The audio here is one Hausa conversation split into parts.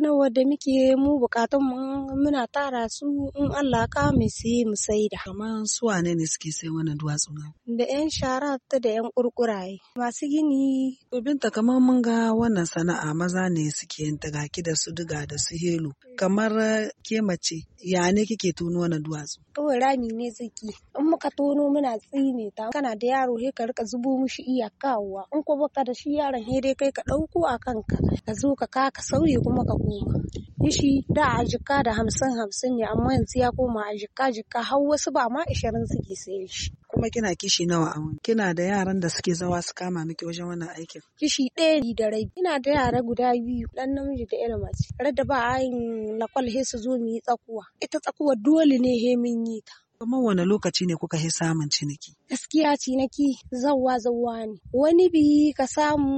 gonar da muke mu bukatun mu muna tara su in Allah ka mu sai mu da kaman su wane ne suke sai wannan duwatsu na? Da 'yan shara ta da 'yan kurkuraye. Masu gini. ta kamar mun ga wannan sana'a maza ne suke yin tagaki da su diga da su helo. Kamar ke mace ya ne kike tono wannan duwatsu? Kawai rami ne zaki. In ka tono muna tsine ta kana da yaro he ka rika zubo mishi iya kawowa in ko baka da shi yaron he dai kai ka ɗauko a kanka ka zo ka ka ka sauye kuma ka koma shi da a jikka da hamsin hamsin ne amma yanzu ya koma a jikka jikka har wasu ba ma ishirin suke sayan shi kuma kina kishi nawa a wani kina da yaran da suke zawa su kama miki wajen wannan aikin kishi ɗaya ni da rai ina da yara guda biyu dan namiji da yar mace da ba ayin lakwal he su zo mu yi tsakuwa ita tsakuwa dole ne he mun yi ta Kamar wani lokaci ne kuka yi samun ciniki? Gaskiya ciniki zawwa zawwa ne. Wani biyi ka samu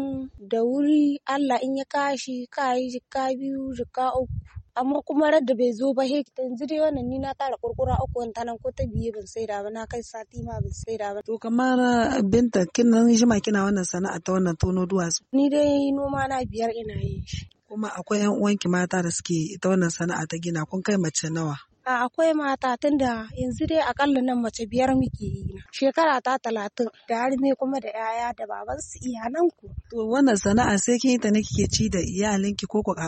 da wuri Allah in ya kashi ka yi jika biyu jika uku. amma kuma radda bai zo ba hek yanzu dai wannan ni na tara kurkura uku wani tanan ko ta biye ban da ba na kai sati ma ban sai da ba to kamar ah, binta kina jima kina wannan sana'a ta wannan tono duwatsu ni dai noma na biyar ina yin shi kuma akwai yan uwanki mata da suke ita wannan sana'a ta gina kun kai mace nawa A akwai mata tunda yanzu dai akalla nan mace biyar muke yi. Shekara ta talatin da harme kuma da 'ya'ya da babansu nan ku. To wannan sana'a sai kin yi ta nake ke ci da iyalinki ko ko ku.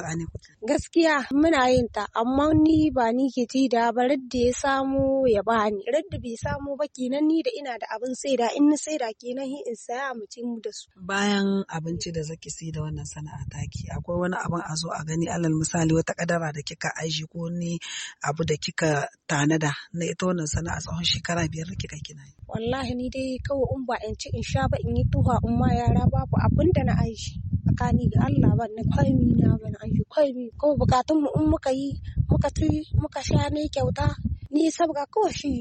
Gaskiya muna yin ta amma ni ba ni ke ci da ba radda ya samu ya bani radda bai samu ba kenan ni da ina da abin saida in na saida kenan hi in saya mu ci mu da su. Bayan abinci da zaki sai da wannan sana'a taki akwai wani abin a zo a gani alal misali wata kadara da kika aji ko ni abu da kika tanada na ita wannan sana'a tsawon shekara biyar da kika kina. Wallahi ni dai kawai in ba in ci in sha ba in yi tuha in ma yara babu abin inda na aji tsakani ga Allah ban na kwaimi na ban aji kwaimi ko bukatun mu in muka yi muka ci muka sha ne kyauta ni sabga ko shi.